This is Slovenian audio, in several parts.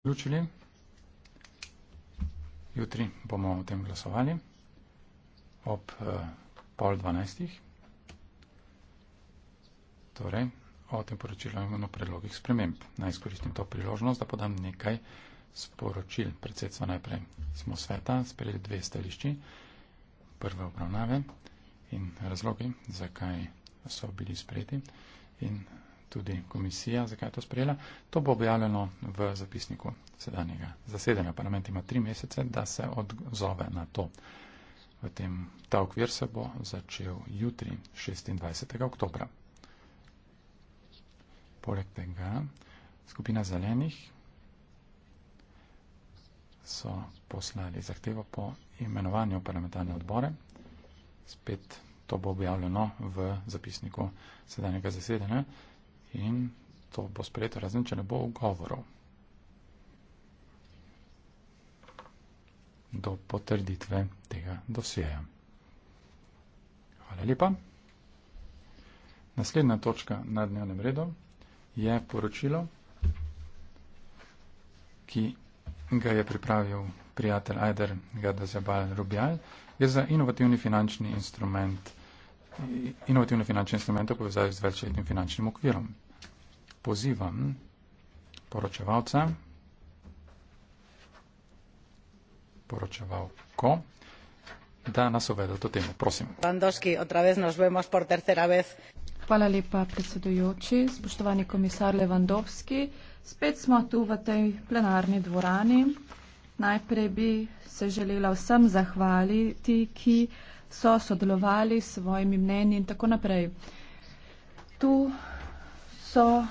Vključili. Jutri bomo o tem glasovali ob eh, pol dvanajstih. Torej, o tem poročilu in o predlogih sprememb. Naj izkoristim to priložnost, da podam nekaj sporočil. Predsedstvo najprej smo sveta, sprejeli dve stališči, prve obravnave in razlogi, zakaj so bili sprejeti. In tudi komisija, zakaj je to sprejela. To bo objavljeno v zapisniku sedanjega zasedanja. Parlament ima tri mesece, da se odzove na to. V tem ta okvir se bo začel jutri, 26. oktobra. Poleg tega skupina zelenih so poslali zahtevo po imenovanju parlamentarne odbore. Spet to bo objavljeno v zapisniku sedanjega zasedanja in to bo sprejeto razen, če ne bo ugovorov. do potrditve tega dosjeja. Hvala lepa. Naslednja točka na dnevnem redu je poročilo, ki ga je pripravil prijatelj Ajder Gadazabal Rubjal, je za inovativni finančni instrument, inovativni finančni instrument v povezavi z večletnim finančnim okvirom pozivam poročevalca, poročevalko, da nas uvede to temo. Prosim. Bandoški, nos vemos por vez. Hvala lepa, predsedujoči, spoštovani komisar Levandovski. Spet smo tu v tej plenarni dvorani. Najprej bi se želela vsem zahvaliti, ki so sodelovali s svojimi mnenji in tako naprej. Tu so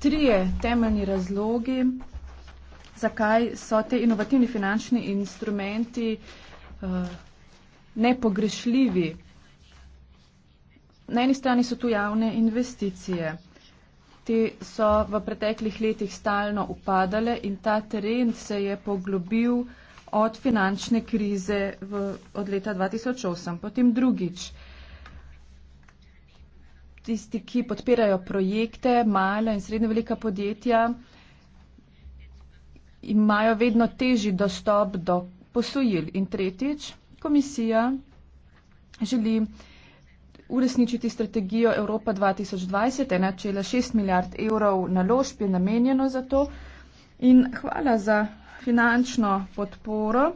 trije temeljni razlogi, zakaj so te inovativni finančni instrumenti uh, nepogrešljivi. Na eni strani so tu javne investicije. Te so v preteklih letih stalno upadale in ta trend se je poglobil od finančne krize v, od leta 2008. Potem drugič tisti, ki podpirajo projekte, mala in srednje velika podjetja, imajo vedno težji dostop do posojil. In tretjič, komisija želi uresničiti strategijo Evropa 2020, ena čela 6 milijard evrov naložb je namenjeno za to. In hvala za finančno podporo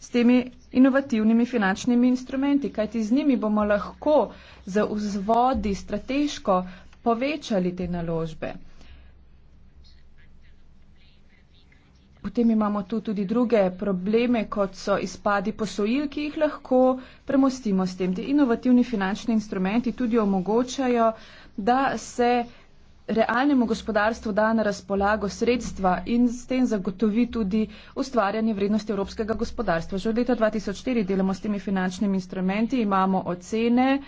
s temi inovativnimi finančnimi instrumenti, kajti z njimi bomo lahko za vzvodi strateško povečali te naložbe. Potem imamo tu tudi druge probleme, kot so izpadi posojil, ki jih lahko premostimo s tem. Ti inovativni finančni instrumenti tudi omogočajo, da se realnemu gospodarstvu da na razpolago sredstva in s tem zagotovi tudi ustvarjanje vrednosti evropskega gospodarstva. Že od leta 2004 delamo s temi finančnimi instrumenti, imamo ocene,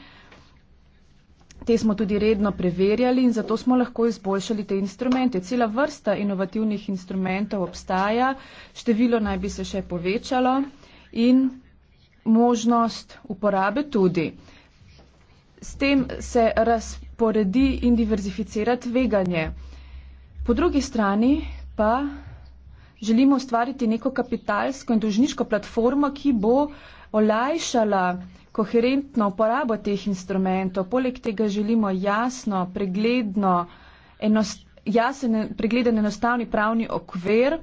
te smo tudi redno preverjali in zato smo lahko izboljšali te instrumente. Cela vrsta inovativnih instrumentov obstaja, število naj bi se še povečalo in možnost uporabe tudi. S tem se razpolaga poredi in diverzificira tveganje. Po drugi strani pa želimo ustvariti neko kapitalsko in dožniško platformo, ki bo olajšala koherentno uporabo teh instrumentov. Poleg tega želimo jasno, pregledno, enost, jasen, pregleden enostavni pravni okvir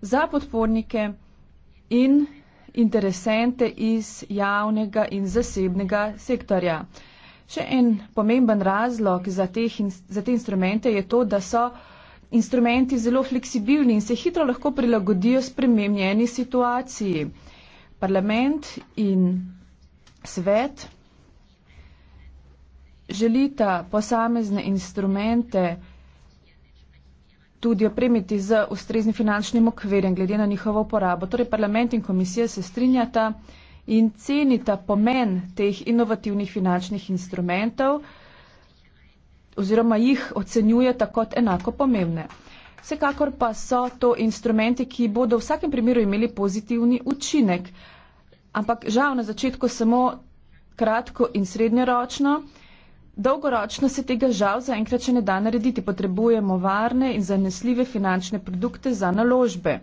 za podpornike in interesente iz javnega in zasebnega sektorja. Še en pomemben razlog za, teh, za te instrumente je to, da so instrumenti zelo fleksibilni in se hitro lahko prilagodijo spremenjeni situaciji. Parlament in svet želita posamezne instrumente tudi opremiti z ustreznim finančnim okverjem glede na njihovo uporabo. Torej parlament in komisija se strinjata, in cenita pomen teh inovativnih finančnih instrumentov oziroma jih ocenjujeta kot enako pomembne. Vsekakor pa so to instrumenti, ki bodo v vsakem primeru imeli pozitivni učinek, ampak žal na začetku samo kratko in srednjeročno. Dolgoročno se tega žal zaenkrat še ne da narediti. Potrebujemo varne in zanesljive finančne produkte za naložbe.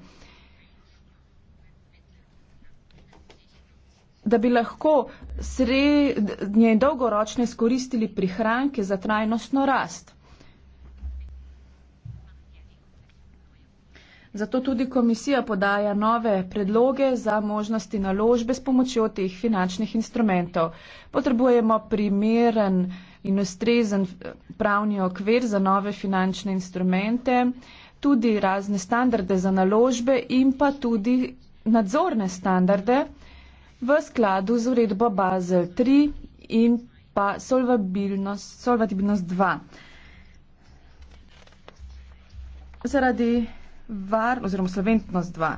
da bi lahko srednje in dolgoročne skoristili prihranke za trajnostno rast. Zato tudi komisija podaja nove predloge za možnosti naložbe s pomočjo teh finančnih instrumentov. Potrebujemo primeren in ustrezen eh, pravni okvir za nove finančne instrumente, tudi razne standarde za naložbe in pa tudi nadzorne standarde v skladu z uredbo Basel 3 in pa solvabilnost 2. Zaradi var oziroma solventnost 2.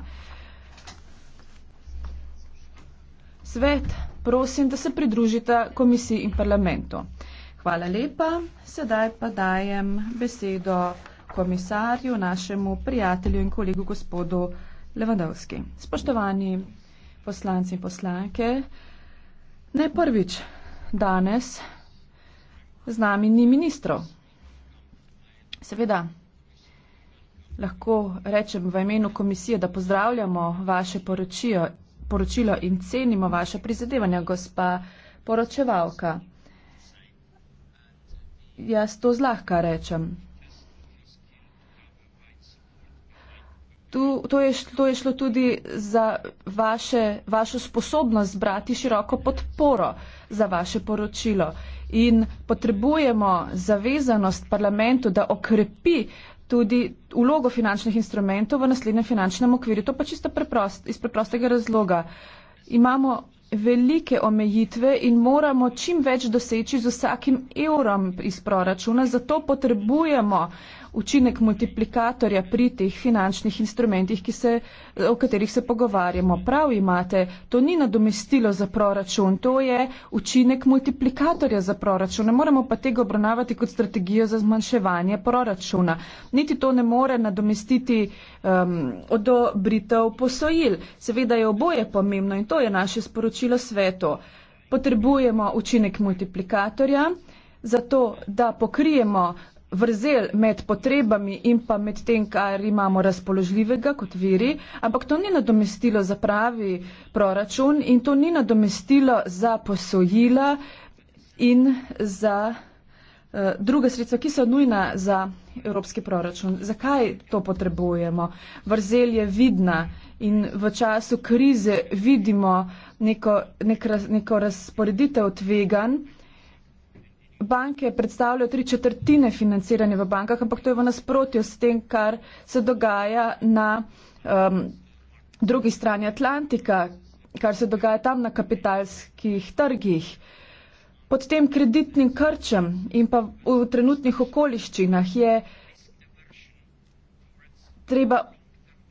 Svet, prosim, da se pridružite komisiji in parlamentu. Hvala lepa. Sedaj pa dajem besedo komisarju, našemu prijatelju in kolegu gospodu Levandovski. Spoštovani poslanci in poslanke. Ne prvič danes z nami ni ministrov. Seveda, lahko rečem v imenu komisije, da pozdravljamo vaše poročijo, poročilo in cenimo vaše prizadevanja, gospa poročevalka. Jaz to zlahka rečem. Tu, to, je šlo, to je šlo tudi za vaše, vašo sposobnost zbrati široko podporo za vaše poročilo. In potrebujemo zavezanost parlamentu, da okrepi tudi ulogo finančnih instrumentov v naslednjem finančnem okviru. To pa čisto preprost, iz preprostega razloga. Imamo velike omejitve in moramo čim več doseči z vsakim evrom iz proračuna, zato potrebujemo uh, učinek multiplikatorja pri teh finančnih instrumentih, se, o katerih se pogovarjamo. Prav imate, to ni nadomestilo za proračun, to je učinek multiplikatorja za proračun. Ne moremo pa tega obravnavati kot strategijo za zmanjševanje proračuna. Niti to ne more nadomestiti um, odobritev posojil. Seveda je oboje pomembno in to je naše sporočilo svetu. Potrebujemo učinek multiplikatorja, zato da pokrijemo vrzel med potrebami in pa med tem, kar imamo razpoložljivega kot viri, ampak to ni nadomestilo za pravi proračun in to ni nadomestilo za posojila in za uh, druga sredstva, ki so nujna za evropski proračun. Zakaj to potrebujemo? Vrzel je vidna in v času krize vidimo neko, nek, neko razporeditev tveganj banke predstavljajo tri četrtine financiranja v bankah, ampak to je v nasprotju s tem, kar se dogaja na um, drugi strani Atlantika, kar se dogaja tam na kapitalskih trgih. Pod tem kreditnim krčem in pa v trenutnih okoliščinah je treba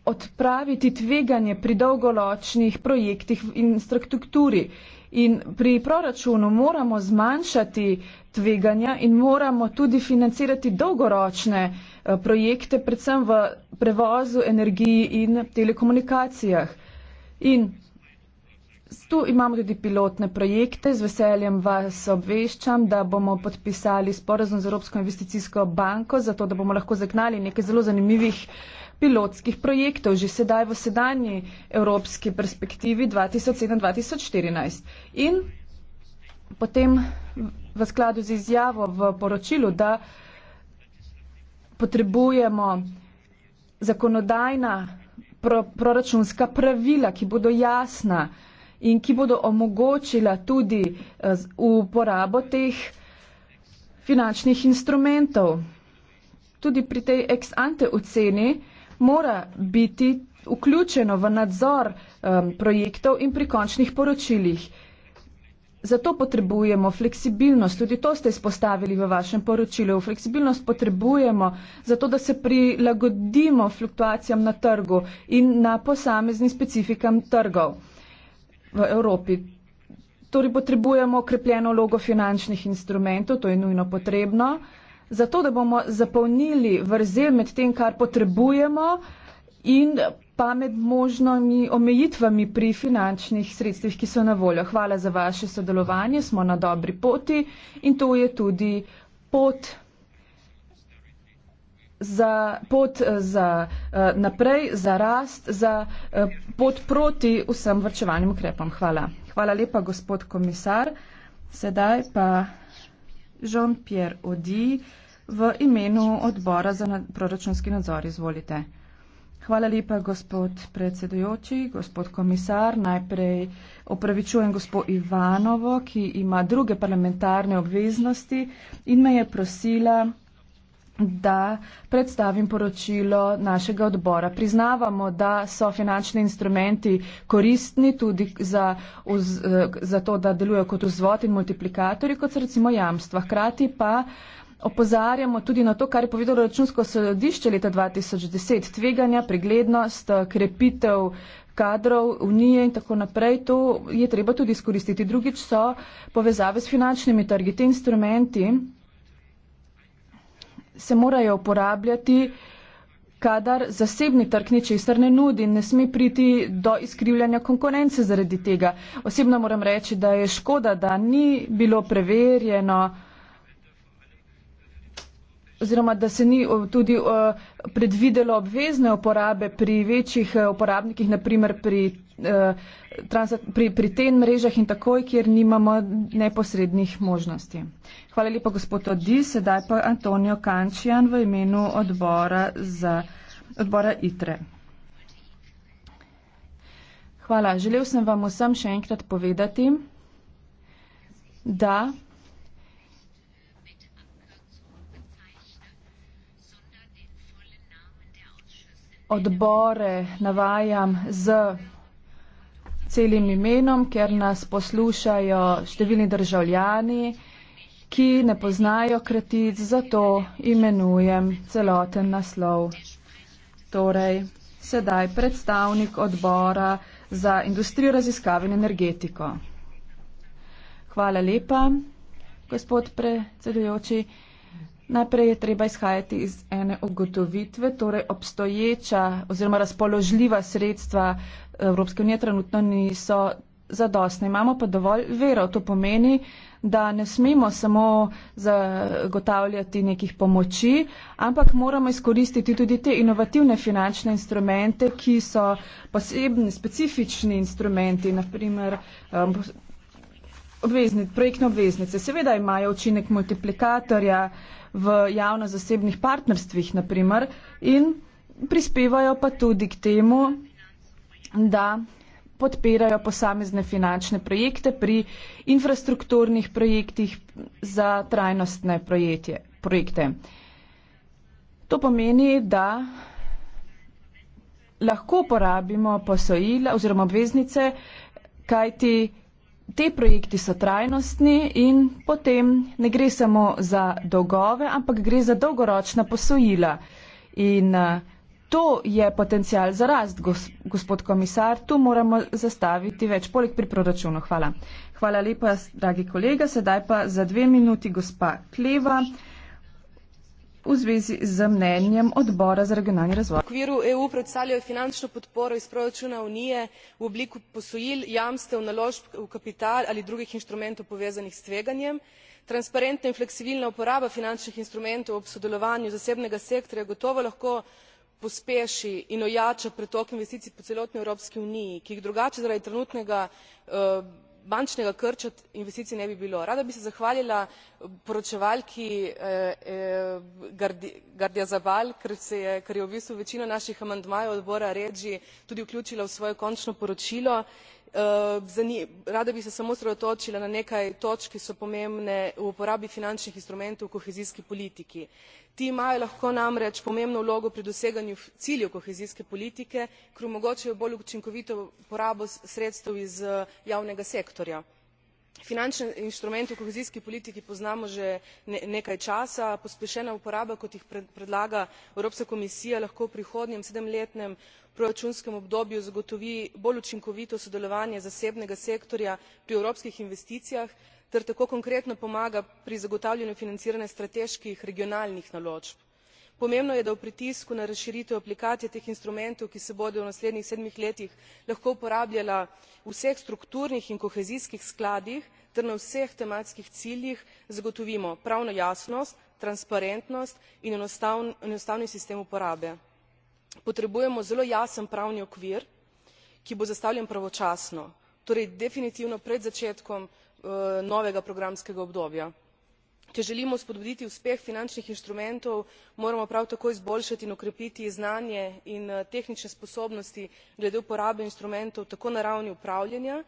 odpraviti tveganje pri dolgoročnih projektih in strukturi. In pri proračunu moramo zmanjšati tveganja in moramo tudi financirati dolgoročne eh, projekte, predvsem v prevozu, energiji in telekomunikacijah. In tu imamo tudi pilotne projekte. Z veseljem vas obveščam, da bomo podpisali sporazum z Evropsko investicijsko banko, zato da bomo lahko zagnali nekaj zelo zanimivih pilotskih projektov že sedaj v sedanji evropski perspektivi 2007-2014. In potem v skladu z izjavo v poročilu, da potrebujemo zakonodajna pro, proračunska pravila, ki bodo jasna in ki bodo omogočila tudi eh, uporabo teh finančnih instrumentov. Tudi pri tej ex ante oceni mora biti vključeno v nadzor um, projektov in pri končnih poročilih. Zato potrebujemo fleksibilnost, tudi to ste izpostavili v vašem poročilu. Fleksibilnost potrebujemo zato, da se prilagodimo fluktuacijam na trgu in na posameznim specifikam trgov v Evropi. Torej potrebujemo okrepljeno logo finančnih instrumentov, to je nujno potrebno. Uh, zato da bomo zapolnili vrzel med tem, kar potrebujemo in pa med možnimi omejitvami pri finančnih sredstvih, ki so na voljo. Hvala za vaše sodelovanje, smo na dobri poti in to je tudi pot. Za pot eh, za eh, naprej, za rast, za eh, pot proti vsem vrčevalnim ukrepom. Hvala. Hvala lepa, gospod komisar. Sedaj pa Jean-Pierre Odi v imenu odbora za proračunski nadzor. Izvolite. Hvala lepa, gospod predsedujoči, gospod komisar. Najprej opravičujem gospod Ivanovo, ki ima druge parlamentarne obveznosti in me je prosila, da predstavim poročilo našega odbora. Priznavamo, da so finančni instrumenti koristni tudi za, za to, da delujejo kot vzvod in multiplikatorji, kot so recimo jamstva. Hkrati pa Opozarjamo tudi na to, kar je povedalo računsko sodišče leta 2010. Tveganja, preglednost, krepitev kadrov, unije in tako naprej, to je treba tudi izkoristiti. Drugič so povezave s finančnimi trgi. Te instrumenti se morajo uporabljati, kadar zasebni trg ničesar ne nudi in ne sme priti do izkrivljanja konkurence zaradi tega. Osebno moram reči, da je škoda, da ni bilo preverjeno oziroma da se ni tudi predvidelo obvezne uporabe pri večjih e, uporabnikih, naprimer e, pri, pri, pri ten mrežah in takoj, kjer nimamo neposrednih možnosti. Hvala lepa, gospod Odi, sedaj pa Antonijo Kančijan v imenu odbora, za, odbora ITRE. Hvala. Želel sem vam vsem še enkrat povedati, da odbore navajam z celim imenom, ker nas poslušajo številni državljani, ki ne poznajo kratic, zato imenujem celoten naslov. Torej, sedaj predstavnik odbora za industrijo raziskave in energetiko. Hvala lepa, gospod predsedujoči. Najprej je treba izhajati iz ene ugotovitve, torej obstoječa oziroma razpoložljiva sredstva Evropske unije trenutno niso zadostne. Imamo pa dovolj verov. To pomeni, da ne smemo samo zagotavljati nekih pomoči, ampak moramo izkoristiti tudi te inovativne finančne instrumente, ki so posebni, specifični instrumenti, naprimer. Um, Obveznic, projektne obveznice. Seveda imajo učinek multiplikatorja, v javno-zasebnih partnerstvih, naprimer, in prispevajo pa tudi k temu, da podpirajo posamezne finančne projekte pri infrastrukturnih projektih za trajnostne projekte. projekte. To pomeni, da lahko porabimo posojila oziroma obveznice, kajti Te projekti so trajnostni in potem ne gre samo za dolgove, ampak gre za dolgoročna posojila. In eh, to je potencial za rast, gospod komisar. Tu moramo zastaviti več, poleg pri proračunu. Hvala. Hvala lepa, dragi kolega. Sedaj pa za dve minuti gospa Kleva. Hvala v zvezi z mnenjem odbora za regionalni razvoj. V okviru EU predstavljajo finančno podporo iz proračuna unije v obliku posojil, jamstev, naložb v kapital ali drugih inštrumentov povezanih s tveganjem. Transparentna in fleksibilna uporaba finančnih instrumentov ob sodelovanju zasebnega sektorja gotovo lahko pospeši in ojača pretok investicij po celotni Evropski uniji, ki jih drugače zaradi trenutnega uh, bančnega krča investicij ne bi bilo. rada bi se zahvalila poročevalki eh, eh, gardiazabal ker je v bistvu večino naših amandmajev odbora regi tudi vključila v svoje končno poročilo. Eh, rada bi se samo osredotočila na nekaj točk ki so pomembne v uporabi finančnih instrumentov v kohezijski politiki ti imajo lahko namreč pomembno vlogo pri doseganju ciljev kohezijske politike ker omogočajo bolj učinkovito porabo sredstev iz eh, javnega sektorja. Finančne inštrumente v kohezijski politiki poznamo že nekaj časa. Pospešena uporaba, kot jih predlaga Evropska komisija, lahko v prihodnjem sedemletnem proračunskem obdobju zagotovi bolj učinkovito sodelovanje zasebnega sektorja pri evropskih investicijah ter tako konkretno pomaga pri zagotavljanju financiranja strateških regionalnih naložb pomembno je da v pritisku na razširitev aplikacije teh instrumentov ki se bodo v naslednjih sedmih letih lahko uporabljala v vseh strukturnih in kohezijskih skladih ter na vseh tematskih ciljih zagotovimo pravno jasnost transparentnost in enostavni sistem uporabe. potrebujemo zelo jasen pravni okvir ki bo zastavljen pravočasno torej definitivno pred začetkom eh, novega programskega obdobja če želimo spodbuditi uspeh finančnih inštrumentov moramo prav tako izboljšati in okrepiti znanje in eh, tehnične sposobnosti glede uporabe instrumentov tako na ravni upravljanja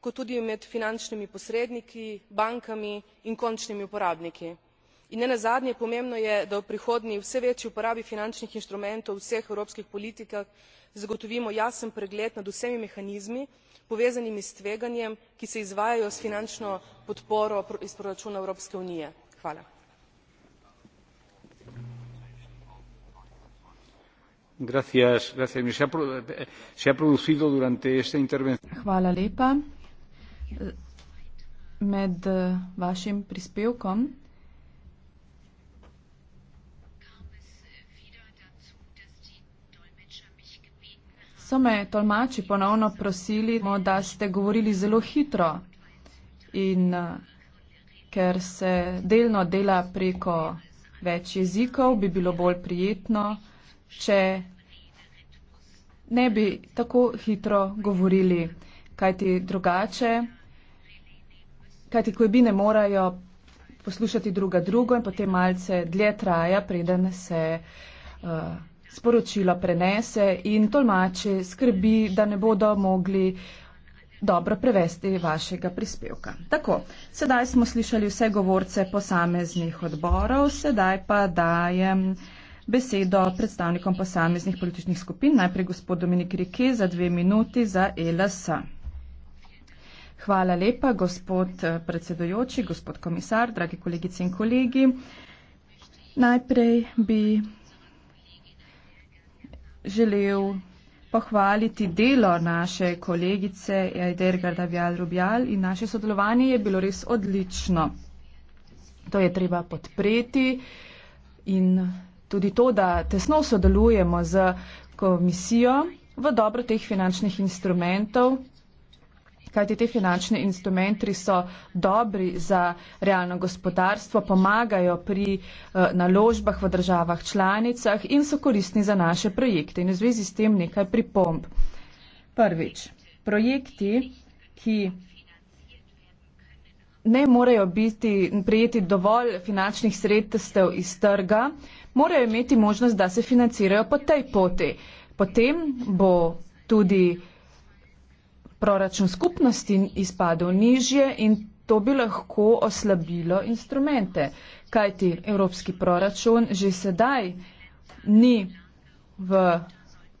kot tudi med finančnimi posredniki bankami in končnimi uporabniki. in nenazadnje pomembno je da v prihodnji vse večji uporabi finančnih inštrumentov v vseh evropskih politikah zagotovimo jasen pregled nad vsemi mehanizmi povezanimi s tveganjem ki se izvajajo s finančno podporo iz proračuna evropske unije hvala. hvala lepa. med vašim prispevkom so me tolmači ponovno prosili, da ste govorili zelo hitro in, ker se delno dela preko več jezikov, bi bilo bolj prijetno, če ne bi tako hitro govorili, kajti drugače, kajti kojbine morajo poslušati druga drugo in potem malce dlje traja, preden se uh, sporočilo prenese in tolmači skrbi, da ne bodo mogli uh, dobro prevesti vašega prispevka. Tako, sedaj smo slišali vse govorce posameznih odborov, sedaj pa dajem besedo predstavnikom posameznih političnih skupin, najprej gospod Dominik Rike za dve minuti za e LS. Hvala lepa, gospod eh, predsedojoči, gospod komisar, dragi kolegice in kolegi. Najprej bi želel pohvaliti delo naše kolegice Edergar Davial Rubjal in naše sodelovanje je bilo res odlično. To je treba podpreti in tudi to, da tesno sodelujemo z komisijo v dobro teh finančnih instrumentov, kajti te finančne instrumentri so dobri za realno gospodarstvo, pomagajo pri eh, naložbah v državah članicah in so koristni za naše projekte. In v zvezi s tem nekaj pripomb. Prvič, projekti, ki ne morejo biti prijeti dovolj finančnih sredstev iz trga, morajo imeti možnost, da se financirajo po tej poti. Potem bo tudi uh, proračun skupnosti izpadel nižje in to bi lahko oslabilo instrumente, kajti evropski proračun že sedaj ni v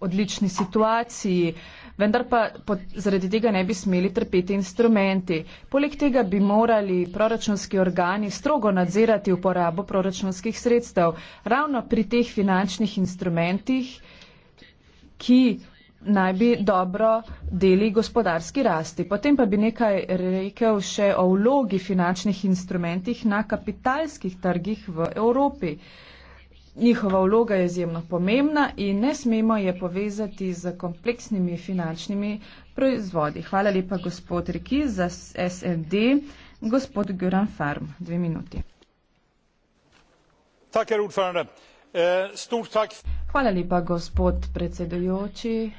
odlični situaciji, vendar pa pod, zaradi tega ne bi smeli trpeti instrumenti. Poleg tega bi morali proračunski organi strogo nadzirati uporabo proračunskih sredstev. Ravno pri teh finančnih instrumentih, ki naj bi dobro deli gospodarski rasti. Potem pa bi nekaj rekel še o vlogi finančnih instrumentih na kapitalskih trgih v Evropi. Njihova vloga je izjemno pomembna in ne smemo je povezati z kompleksnimi finančnimi proizvodi. Hvala lepa, gospod Riki, za SND. Gospod Göran Farm, dve minuti. Tak je, Eh, Hvala lepa, gospod predsedujoči.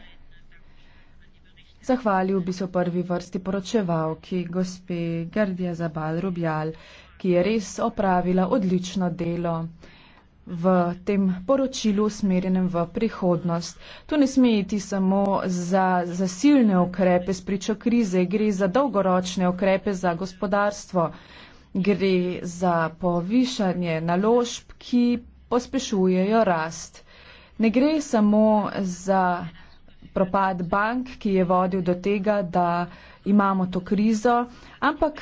Zahvalil bi se v prvi vrsti poročevalki, gospe Gardija Zabal Rubjal, ki je res opravila odlično delo v tem poročilu usmerjenem v prihodnost. Tu ne sme iti samo za zasilne ukrepe s pričo krize, gre za dolgoročne ukrepe za gospodarstvo, gre za povišanje naložb, ki pospešujejo rast. Ne gre samo za propad bank, ki je vodil do tega, da imamo to krizo, ampak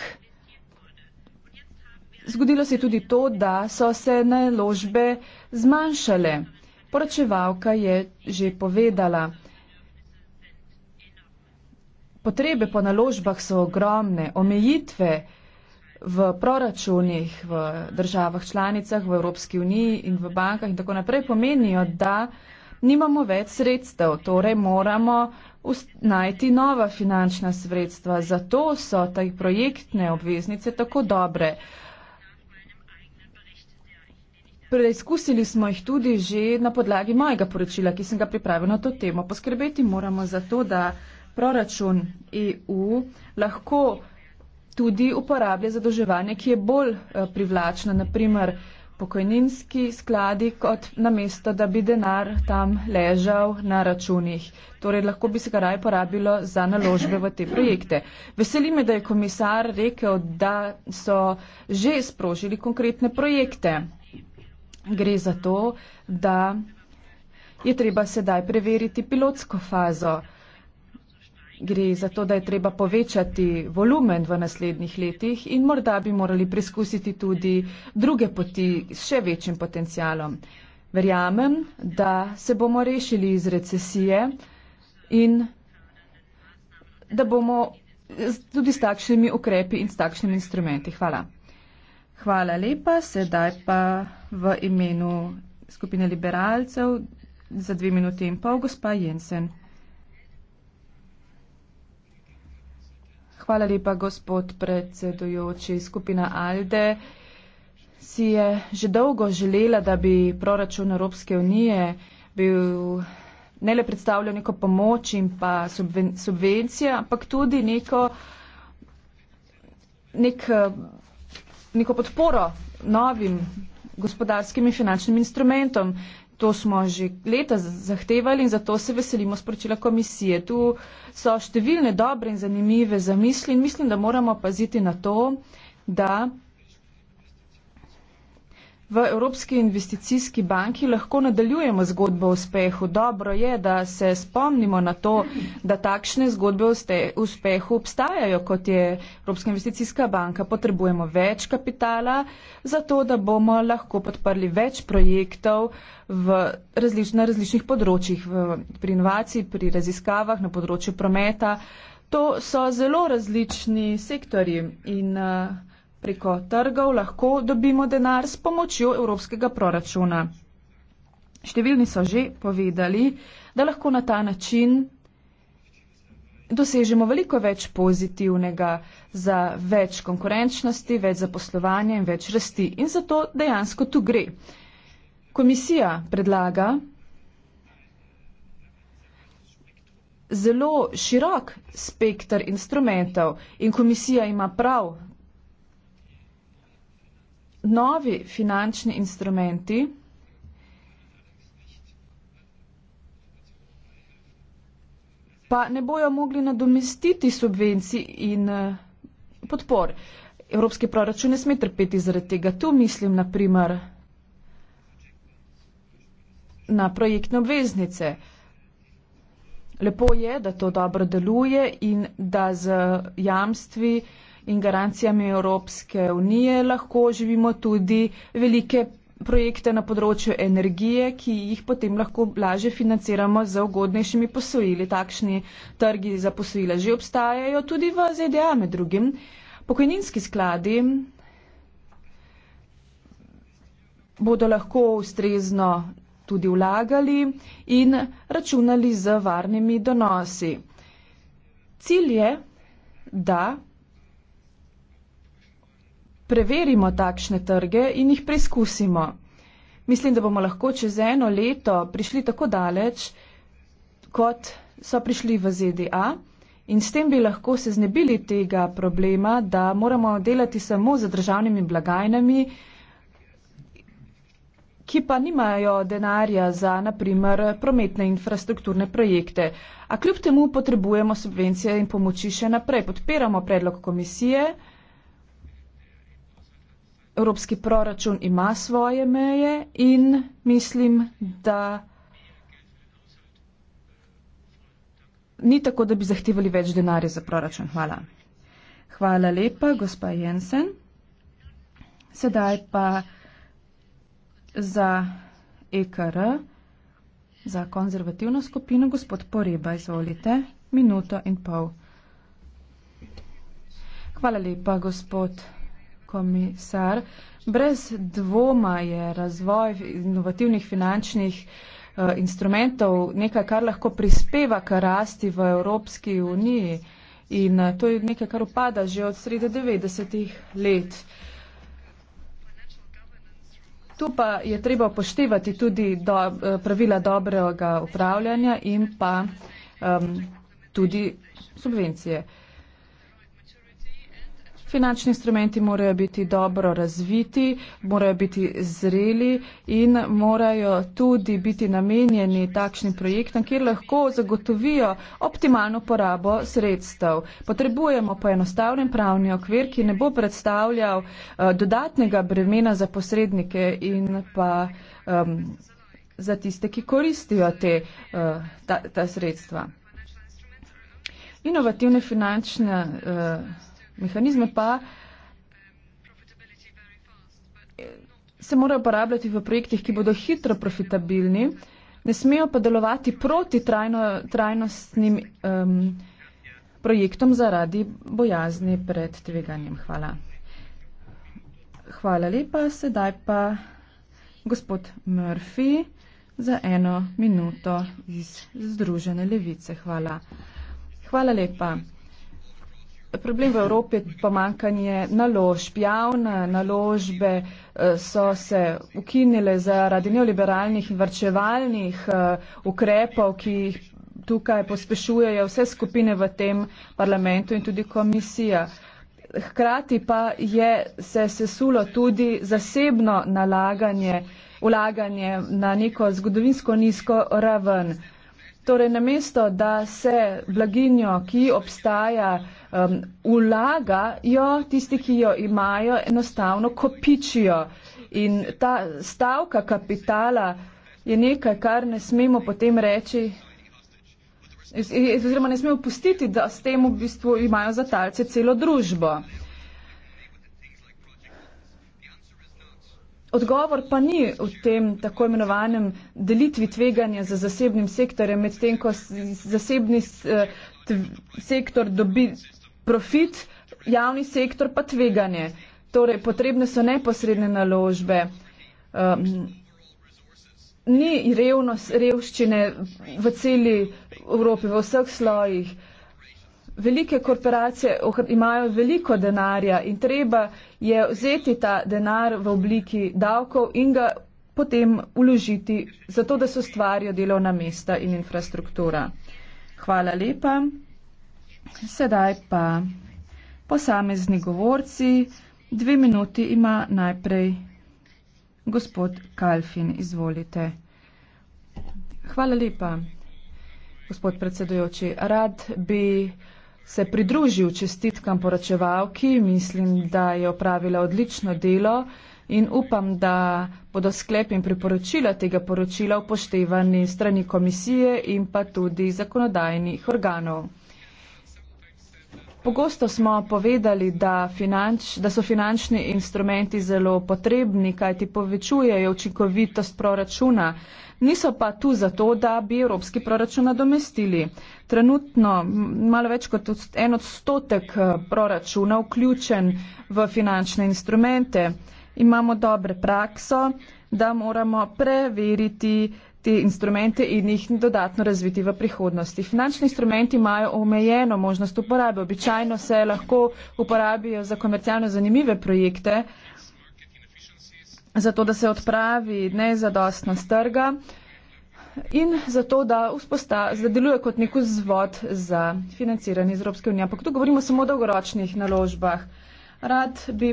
zgodilo se je tudi to, da so se naložbe zmanjšale. Poročevalka je že povedala, potrebe po naložbah so ogromne, omejitve v proračunih, v državah članicah, v Evropski uniji in v bankah in tako naprej pomenijo, da nimamo več sredstev, torej moramo najti nova finančna sredstva. Zato so te projektne obveznice tako dobre. Preizkusili smo jih tudi že na podlagi mojega poročila, ki sem ga pripravil na to temo. Poskrbeti moramo za to, da proračun EU lahko tudi uporablja zadolževanje, ki je bolj eh, privlačno, naprimer pokojninski skladi, kot namesto, da bi denar tam ležal na računih. Torej, lahko bi se ga raje porabilo za naložbe v te projekte. Veseli me, da je komisar rekel, da so že sprožili konkretne projekte. Gre za to, da je treba sedaj preveriti pilotsko fazo gre za to, da je treba povečati volumen v naslednjih letih in morda bi morali preskusiti tudi druge poti s še večjim potencialom. Verjamem, da se bomo rešili iz recesije in da bomo tudi s takšnimi ukrepi in s takšnimi instrumenti. Hvala. Hvala lepa. Sedaj pa v imenu skupine liberalcev za dve minuti in pol gospa Jensen. Hvala lepa, gospod predsedujoči. Skupina Alde si je že dolgo želela, da bi proračun Evropske unije bil ne le predstavljal neko pomoč in pa subven, subvencija, ampak tudi neko, nek, neko podporo novim gospodarskim in finančnim instrumentom to smo že leta zahtevali in zato se veselimo sporočila komisije. Tu so številne dobre in zanimive zamisli in mislim, da moramo paziti na to, da V Evropski investicijski banki lahko nadaljujemo zgodbo o uspehu. Dobro je, da se spomnimo na to, da takšne zgodbe o uspehu obstajajo, kot je Evropska investicijska banka. Potrebujemo več kapitala, zato da bomo lahko podprli več projektov različ na različnih področjih, pri inovaciji, pri raziskavah, na področju prometa. To so zelo različni sektori. In, uh, Preko trgov lahko dobimo denar s pomočjo evropskega proračuna. Številni so že povedali, da lahko na ta način dosežemo veliko več pozitivnega za več konkurenčnosti, več zaposlovanja in več rasti. In zato dejansko tu gre. Komisija predlaga zelo širok spektr instrumentov in komisija ima prav novi finančni instrumenti pa ne bojo mogli nadomestiti subvencij in eh, podpor. Evropski proračun ne sme trpeti zaradi tega. Tu mislim na primer na projektne obveznice. Lepo je, da to dobro deluje in da z jamstvi uh, in garancijami Evropske unije lahko živimo tudi velike projekte na področju energije, ki jih potem lahko lažje financiramo z ugodnejšimi posojili. Takšni trgi za posojila že obstajajo tudi v ZDA med drugim. Pokojninski skladi bodo lahko ustrezno tudi vlagali in računali z varnimi donosi. Cilj je, da preverimo takšne trge in jih preizkusimo. Mislim, da bomo lahko čez eno leto prišli tako daleč, kot so prišli v ZDA in s tem bi lahko se znebili tega problema, da moramo delati samo z državnimi blagajnami, ki pa nimajo denarja za, naprimer, prometne infrastrukturne projekte. A kljub temu potrebujemo subvencije in pomoči še naprej. Podpiramo predlog komisije evropski proračun ima svoje meje in mislim, da ni tako, da bi zahtevali več denarja za proračun. Hvala. Hvala lepa, gospa Jensen. Sedaj pa za EKR, za konzervativno skupino, gospod Poreba, izvolite, minuto in pol. Hvala lepa, gospod komisar. Brez dvoma je razvoj inovativnih finančnih eh, instrumentov nekaj, kar lahko prispeva k rasti v Evropski uniji in eh, to je nekaj, kar upada že od sredi 90-ih let. Tu pa je treba upoštevati tudi do, eh, pravila dobrega upravljanja in pa um, tudi subvencije. Uh, finančni instrumenti morajo biti dobro razviti, morajo biti zreli in morajo tudi biti namenjeni takšnim projektom, kjer lahko zagotovijo optimalno porabo sredstev. Potrebujemo poenostavljen pravni okvir, ki ne bo predstavljal eh, dodatnega bremena za posrednike in pa um, za tiste, ki koristijo te, uh, ta, ta sredstva. Inovativne finančne uh, mehanizme pa eh, se morajo uporabljati v projektih, ki bodo hitro profitabilni, ne smejo pa delovati proti trajno, trajnostnim um, projektom zaradi bojazni pred tveganjem. Hvala. Hvala lepa. Sedaj pa gospod Murphy za eno minuto iz Združene levice. Hvala. Hvala lepa. Problem v Evropi je pomankanje naložb. Javne naložbe eh, so se ukinile zaradi neoliberalnih in varčevalnih eh, ukrepov, ki jih tukaj pospešujejo vse skupine v tem parlamentu in tudi komisija. Hkrati pa je se sesulo tudi zasebno nalaganje, ulaganje na neko zgodovinsko nizko raven. Torej, namesto, da se blaginjo, ki obstaja, um, vlaga, jo tisti, ki jo imajo, enostavno kopičijo. In ta stavka kapitala je nekaj, kar ne smemo potem reči, oziroma ne smemo pustiti, da s tem v bistvu imajo za talce celo družbo. Odgovor pa ni v tem tako imenovanem delitvi tveganja za zasebnim sektorjem, medtem ko zasebni sektor dobi profit, javni sektor pa tveganje. Torej, potrebne so neposredne naložbe. Um, ni revnost, revščine v celi Evropi, v vseh slojih. Uh, velike korporacije imajo veliko denarja in treba je vzeti ta denar v obliki davkov in ga potem uložiti za to, da se ustvarijo delovna mesta in infrastruktura. Hvala lepa. Sedaj pa posamezni govorci. Dve minuti ima najprej gospod Kalfin. Izvolite. Hvala lepa, gospod predsedujoči. Rad bi se pridružil čestitkam poročevalki, mislim, da je opravila odlično delo in upam, da bodo sklep in priporočila tega poročila upoštevani strani komisije in pa tudi zakonodajnih organov. Pogosto smo povedali, da, finanč, da so finančni instrumenti zelo potrebni, kaj ti povečujejo učinkovitost proračuna. Niso pa tu zato, da bi evropski proračun nadomestili. Trenutno malo več kot en odstotek eh, proračuna vključen v finančne instrumente. Imamo dobre prakso, da moramo preveriti te instrumente in jih dodatno razviti v prihodnosti. Finančni instrumenti imajo omejeno možnost uporabe. Običajno se lahko uporabijo za komercialno zanimive projekte, zato da se odpravi nezadostnost trga in zato da, da deluje kot nek vzvod za financiranje iz Evropske unije. Ampak tu govorimo samo o dolgoročnih naložbah. Rad bi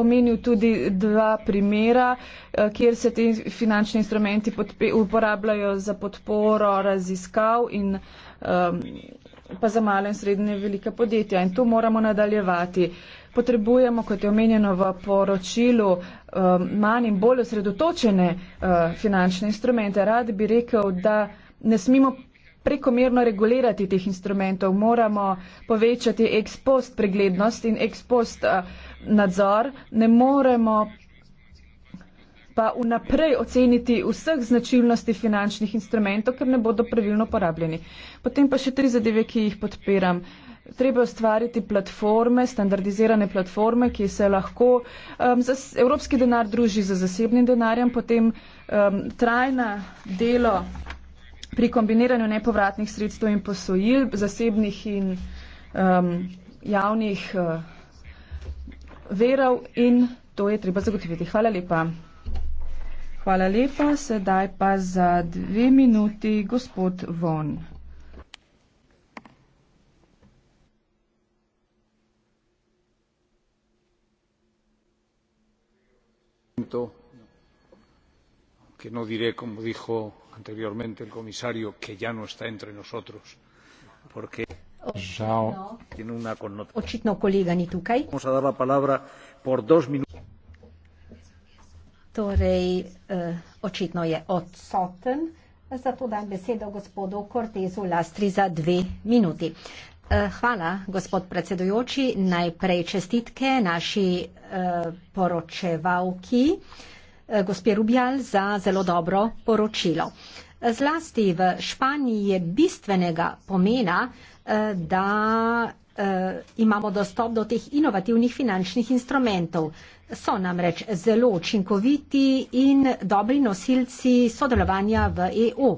omenil tudi dva primera, eh, kjer se ti finančni instrumenti uporabljajo za podporo raziskav in ehm, pa za male in srednje velike podjetja. In to moramo nadaljevati. Potrebujemo, kot je omenjeno v poročilu, ehm, manj in bolj osredotočene eh, finančne instrumente. Rad bi rekel, da ne smemo prekomerno regulirati teh instrumentov, moramo povečati ex post preglednost in ex post eh, nadzor, ne moremo pa vnaprej oceniti vseh značilnosti finančnih instrumentov, ker ne bodo pravilno porabljeni. Potem pa še tri zadeve, ki jih podpiram. Treba ustvariti platforme, standardizirane platforme, ki se lahko um, zas, evropski denar druži za zasebnim denarjem, potem um, trajna delo pri kombiniranju nepovratnih sredstev in posojil zasebnih in um, javnih uh, verov in to je treba zagotoviti. Hvala lepa. Hvala lepa. Sedaj pa za dve minuti gospod Von. To, que no diré como dijo anteriormente el comisario que ya no está entre nosotros porque Žal. tiene una connotación. Vamos a dar la palabra por dos minutos. Torej, uh, očitno je odsoten, zato dam besedo gospodu Kortezu Lastri za dve minuti. Uh, hvala, gospod predsedujoči. Najprej čestitke naši uh, poročevalki. Uh, Eh, gospe Rubjal za zelo dobro poročilo. Zlasti v Španiji je bistvenega pomena, eh, da eh, imamo dostop do teh inovativnih finančnih instrumentov. So namreč zelo učinkoviti in dobri nosilci sodelovanja v EU,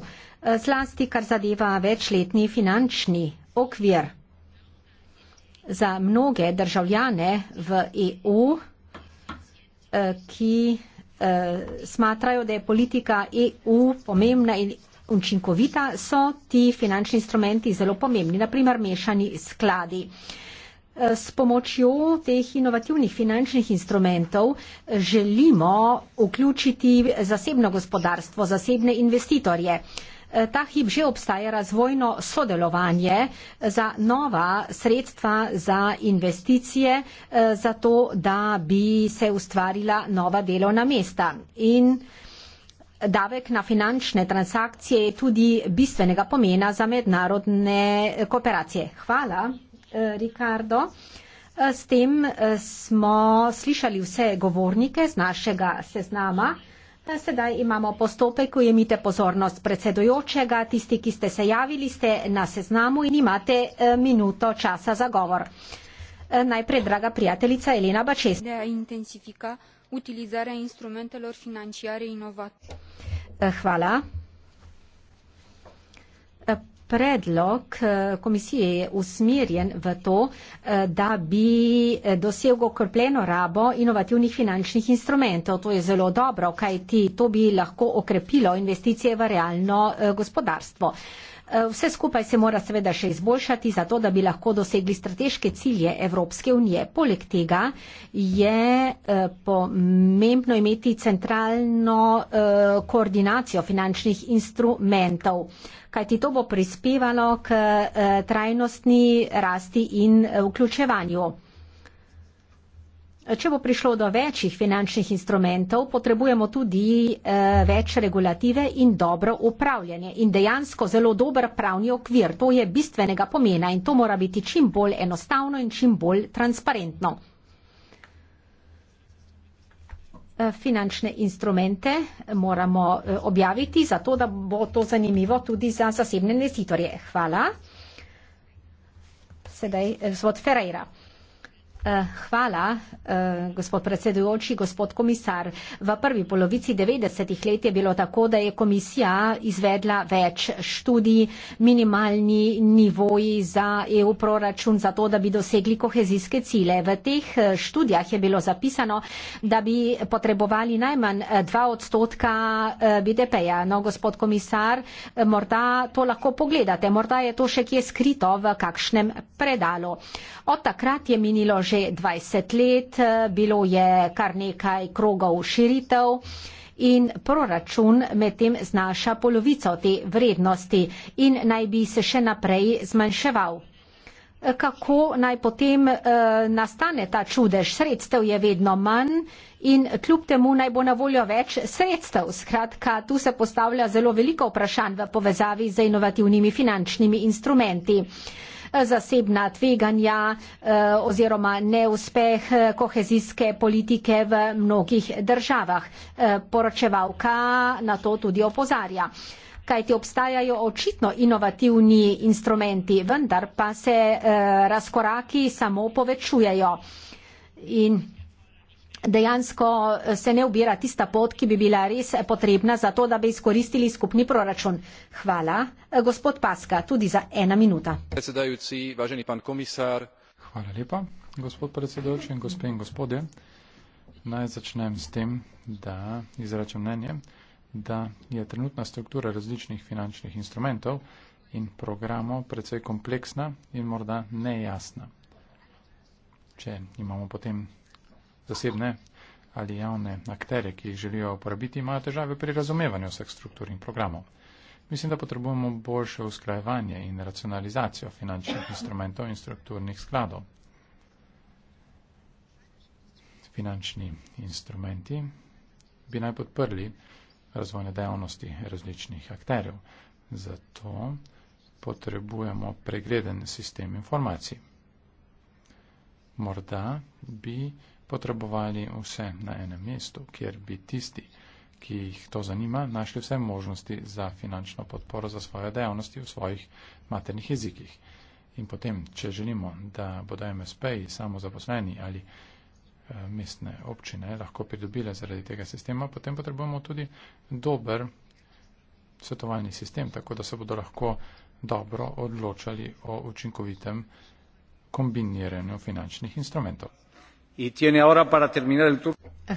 zlasti kar zadeva večletni finančni okvir. Za mnoge državljane v EU, ki Eh, smatrajo, da je politika EU pomembna in učinkovita, so ti finančni instrumenti zelo pomembni, naprimer mešani skladi. Eh, s pomočjo teh inovativnih finančnih instrumentov želimo vključiti zasebno gospodarstvo, zasebne investitorje. Eh, ta hip že obstaja razvojno sodelovanje eh, za nova sredstva za investicije, eh, zato da bi se ustvarila nova delovna mesta. In Davek na finančne transakcije je tudi bistvenega pomena za mednarodne kooperacije. Hvala, Ricardo. S tem smo slišali vse govornike z našega seznama. Sedaj imamo postopek, ko je imite pozornost predsedujočega, tisti, ki ste se javili, ste na seznamu in imate eh, minuto časa za govor. Eh, najprej, draga prijateljica Elena Bačes. Eh, hvala predlog eh, komisije je usmerjen v to, eh, da bi eh, dosegel okrepljeno rabo inovativnih finančnih instrumentov. To je zelo dobro, kaj ti to bi lahko okrepilo investicije v realno gospodarstvo. Vse skupaj se mora seveda še izboljšati, zato da bi lahko dosegli strateške cilje Evropske unije. Poleg tega je pomembno imeti centralno koordinacijo finančnih instrumentov kajti to bo prispevalo k eh, trajnostni rasti in eh, vključevanju. Če bo prišlo do večjih finančnih instrumentov, potrebujemo tudi eh, več regulative in dobro upravljanje in dejansko zelo dober pravni okvir. To je bistvenega pomena in to mora biti čim bolj enostavno in čim bolj transparentno. Eh, finančne instrumente moramo eh, objaviti, zato da bo to zanimivo tudi za zasebne investitorje. Hvala. Sedaj eh, gospod Ferreira. Eh, hvala, eh, gospod predsedujoči, gospod komisar. V prvi polovici 90-ih let je bilo tako, da je komisija izvedla več študij, minimalni nivoji za EU proračun, zato da bi dosegli kohezijske cile. V teh eh, študijah je bilo zapisano, da bi potrebovali najmanj 2 odstotka BDP-ja. No, gospod komisar, morda to lahko pogledate, morda je to še kje skrito v kakšnem predalu. Od takrat je minilo že že 20 let, bilo je kar nekaj krogov širitev in proračun medtem znaša polovico te vrednosti in naj bi se še naprej zmanjševal. Kako naj potem eh, nastane ta čudež? Sredstev je vedno manj in kljub temu naj bo na voljo več sredstev. Skratka, tu se postavlja zelo veliko vprašanj v povezavi z inovativnimi finančnimi instrumenti. Eh, zasebna tveganja eh, oziroma neuspeh eh, kohezijske politike v mnogih državah. Eh, poročevalka na to tudi opozarja kajti obstajajo očitno inovativni instrumenti, vendar pa se eh, razkoraki samo povečujejo. In dejansko eh, se ne ubira tista pot, ki bi bila res potrebna za to, da bi izkoristili skupni proračun. Hvala. Eh, gospod Paska, tudi za ena minuta. Predsedajuci, važeni pan komisar. Hvala lepa, gospod predsedajoči in gospe in gospodje. Naj začnem s tem, da izračam mnenje, da je trenutna struktura različnih finančnih instrumentov in programov precej kompleksna in morda nejasna. Če imamo potem zasebne ali javne akterje, ki jih želijo uporabiti, imajo težave pri razumevanju vseh struktur in programov. Mislim, da potrebujemo boljše usklajevanje in racionalizacijo finančnih instrumentov in strukturnih skladov. Finančni instrumenti bi naj podprli razvojne dejavnosti različnih akterjev. Zato potrebujemo pregleden sistem informacij. Morda bi potrebovali vse na enem mestu, kjer bi tisti, ki jih to zanima, našli vse možnosti za finančno podporo za svoje dejavnosti v svojih maternih jezikih. In potem, če želimo, da bodo MSP-ji samo zaposleni ali eh, mestne občine lahko pridobile zaradi tega sistema, potem potrebujemo tudi dober svetovalni sistem, tako da se bodo lahko dobro odločali o učinkovitem kombiniranju finančnih instrumentov.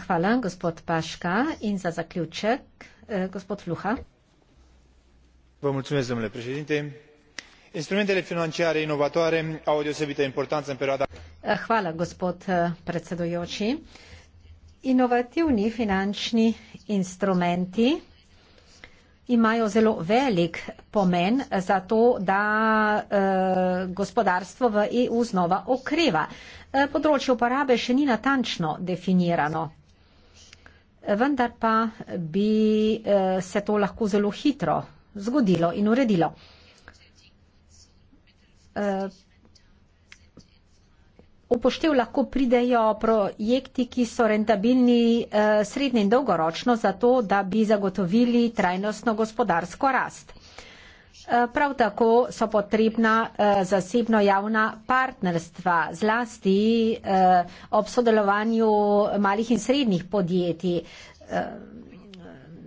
Hvala, gospod Paška. In za zaključek, eh, gospod Fluha. Vă mulțumesc, domnule președinte. Instrumentele financiare inovatoare au o deosebită importanță în perioada... Eh, hvala, gospod eh, predsedujoči. Inovativni finančni instrumenti imajo zelo velik pomen za to, da eh, gospodarstvo v EU znova okreva. Eh, področje uporabe še ni natančno definirano, vendar pa bi eh, se to lahko zelo hitro zgodilo in uredilo. Eh, upoštev lahko pridejo projekti, ki so rentabilni eh, srednje in dolgoročno, zato da bi zagotovili trajnostno gospodarsko rast. Eh, prav tako so potrebna eh, zasebno-javna partnerstva, zlasti ob sodelovanju malih in srednjih podjetij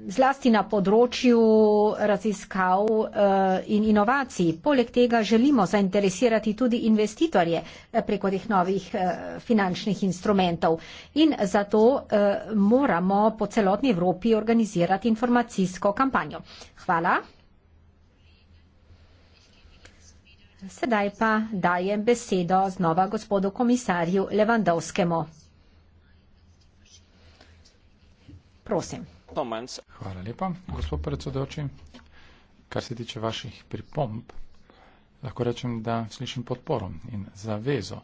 zlasti na področju eh, raziskav eh, in inovacij. Poleg tega želimo zainteresirati tudi investitorje eh, preko teh novih finančnih instrumentov in zato moramo po celotni Evropi organizirati informacijsko kampanjo. Hvala. Sedaj pa dajem besedo znova gospodu komisarju Levandovskemu. Prosim performance. Hvala lepa, gospod predsedoči. Kar se tiče vaših pripomb, lahko rečem, da slišim podporo in zavezo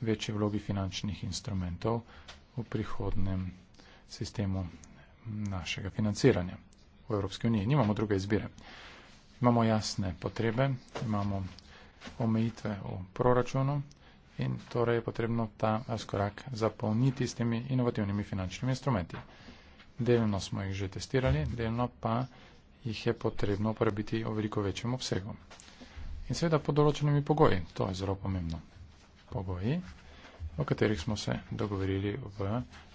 večje vlogi finančnih instrumentov v prihodnem sistemu našega financiranja v Evropski uniji. Nimamo druge izbire. Imamo jasne potrebe, imamo omejitve v proračunu in torej je potrebno ta razkorak zapolniti s temi inovativnimi finančnimi instrumenti. Delno smo jih že testirali, delno pa jih je potrebno uporabiti v veliko večjem obsegu. In seveda pod določenimi pogoji, to je zelo pomembno. Pogoji, o katerih smo se dogovorili v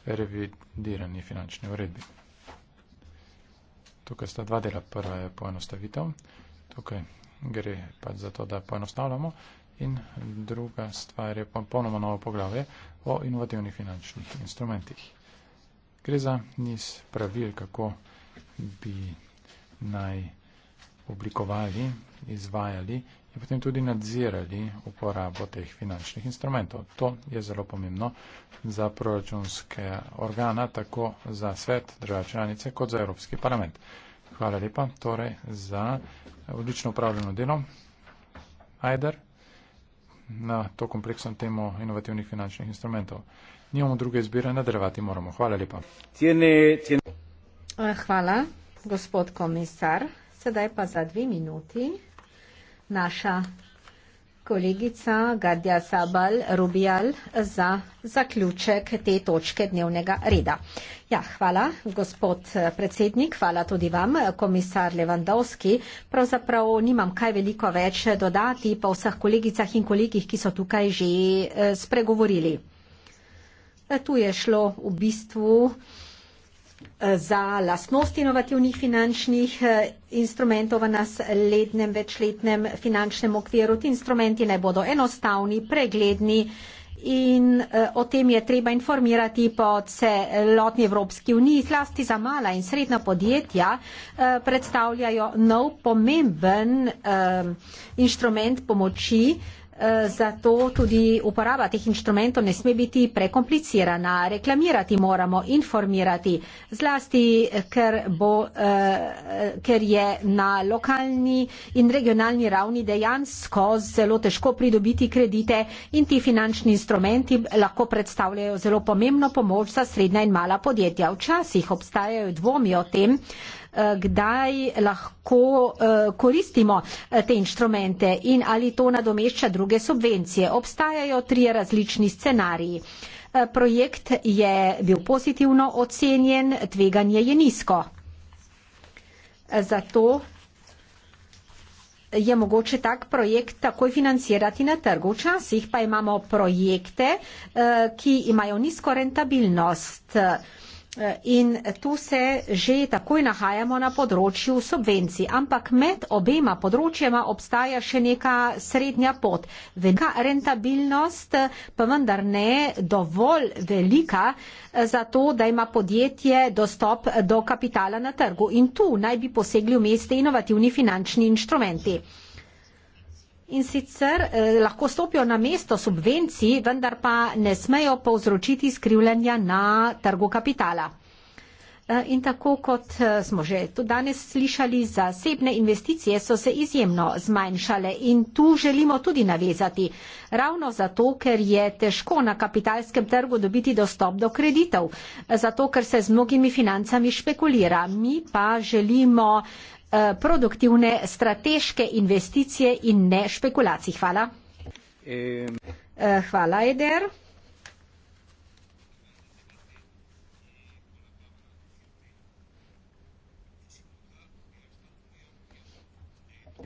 revidirani finančni uredbi. Tukaj sta dva dela. Prva je poenostavitev. Tukaj gre pač za to, da poenostavljamo. In druga stvar je popolnoma novo poglavje o inovativnih finančnih instrumentih. Gre za niz pravil, kako bi naj oblikovali, izvajali in potem tudi nadzirali uporabo teh finančnih instrumentov. To je zelo pomembno za proračunske organa, tako za svet države članice kot za Evropski parlament. Hvala lepa torej za odlično upravljeno delo. Ajder na to kompleksno temo inovativnih finančnih instrumentov. Nimamo druge izbire, nadaljevati moramo. Hvala lepa. Tjene, tjene. Hvala, gospod komisar. Sedaj pa za dve minuti naša kolegica Gardja Sabal Rubijal za zaključek te točke dnevnega reda. Ja, hvala, gospod predsednik, hvala tudi vam, komisar Levandovski. Pravzaprav nimam kaj veliko več dodati po vseh kolegicah in kolegih, ki so tukaj že eh, spregovorili. Tu je šlo v bistvu eh, za lastnosti inovativnih finančnih eh, instrumentov v nas letnem, večletnem finančnem okviru. Ti instrumenti ne bodo enostavni, pregledni in eh, o tem je treba informirati po celotni Evropski uniji. Zlasti za mala in srednja podjetja predstavljajo nov pomemben inštrument pomoči Eh, zato tudi uporaba teh inštrumentov ne sme biti prekomplicirana. Reklamirati moramo, informirati, zlasti ker, bo, eh, ker je na lokalni in regionalni ravni dejansko zelo težko pridobiti kredite in ti finančni instrumenti lahko predstavljajo zelo pomembno pomoč za srednja in mala podjetja. Včasih obstajajo dvomi o tem, Eh, kdaj lahko eh, koristimo eh, te inštrumente in ali to nadomešča druge subvencije. Obstajajo tri različni scenariji. Projekt je bil pozitivno ocenjen, tveganje je nizko. Zato je mogoče tak projekt takoj financirati na trgu. Včasih pa imamo projekte, ki imajo nizko rentabilnost. In tu se že takoj nahajamo na področju subvencij, ampak med obema področjema obstaja še neka srednja pot. Velika rentabilnost pa vendar ne dovolj velika eh, za to, da ima podjetje dostop do kapitala na trgu. In tu naj bi posegli v meste inovativni finančni inštrumenti. In sicer eh, lahko stopijo na mesto subvencij, vendar pa ne smejo povzročiti skrivljanja na trgu kapitala. Eh, in tako kot eh, smo že tudi danes slišali, zasebne investicije so se izjemno zmanjšale in tu želimo tudi navezati. Ravno zato, ker je težko na kapitalskem trgu dobiti dostop do kreditov, zato ker se z mnogimi financami špekulira. Mi pa želimo Eh, produktivne strateške investicije in ne špekulacij. Hvala. Eh, eh, hvala, Eder.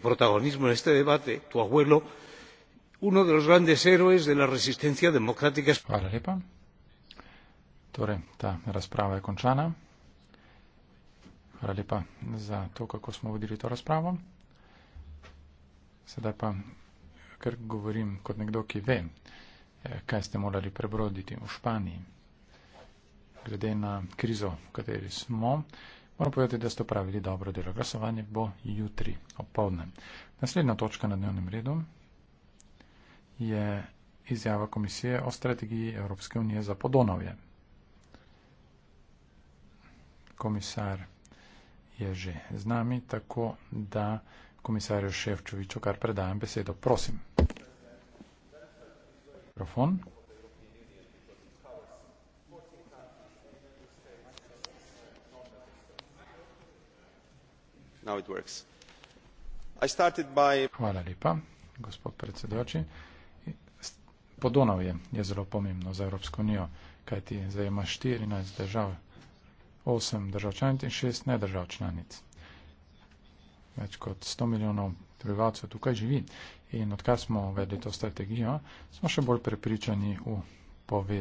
protagonismo en este debate, tu abuelo, uno de los grandes héroes de la resistencia democrática española. Hvala lepa za to, kako smo vodili to razpravo. Sedaj pa, ker govorim kot nekdo, ki ve, eh, kaj ste morali prebroditi v Španiji, glede na krizo, v kateri smo, moram povedati, da ste pravili dobro delo. Glasovanje bo jutri opovdne. Naslednja točka na dnevnem redu je izjava komisije o strategiji Evropske unije za podonovje. Komisar je že z nami, tako da komisarju Ševčoviču kar predajam besedo. Prosim. Mikrofon. By... Hvala lepa, gospod predsedujoči. Podonav je, je zelo pomembno za Evropsko unijo, kajti zdaj ima 14 držav osem držav članic in šest nedržav članic. Več kot 100 milijonov prebivalcev tukaj živi in odkar smo vedeli to strategijo, smo še bolj prepričani v povedi.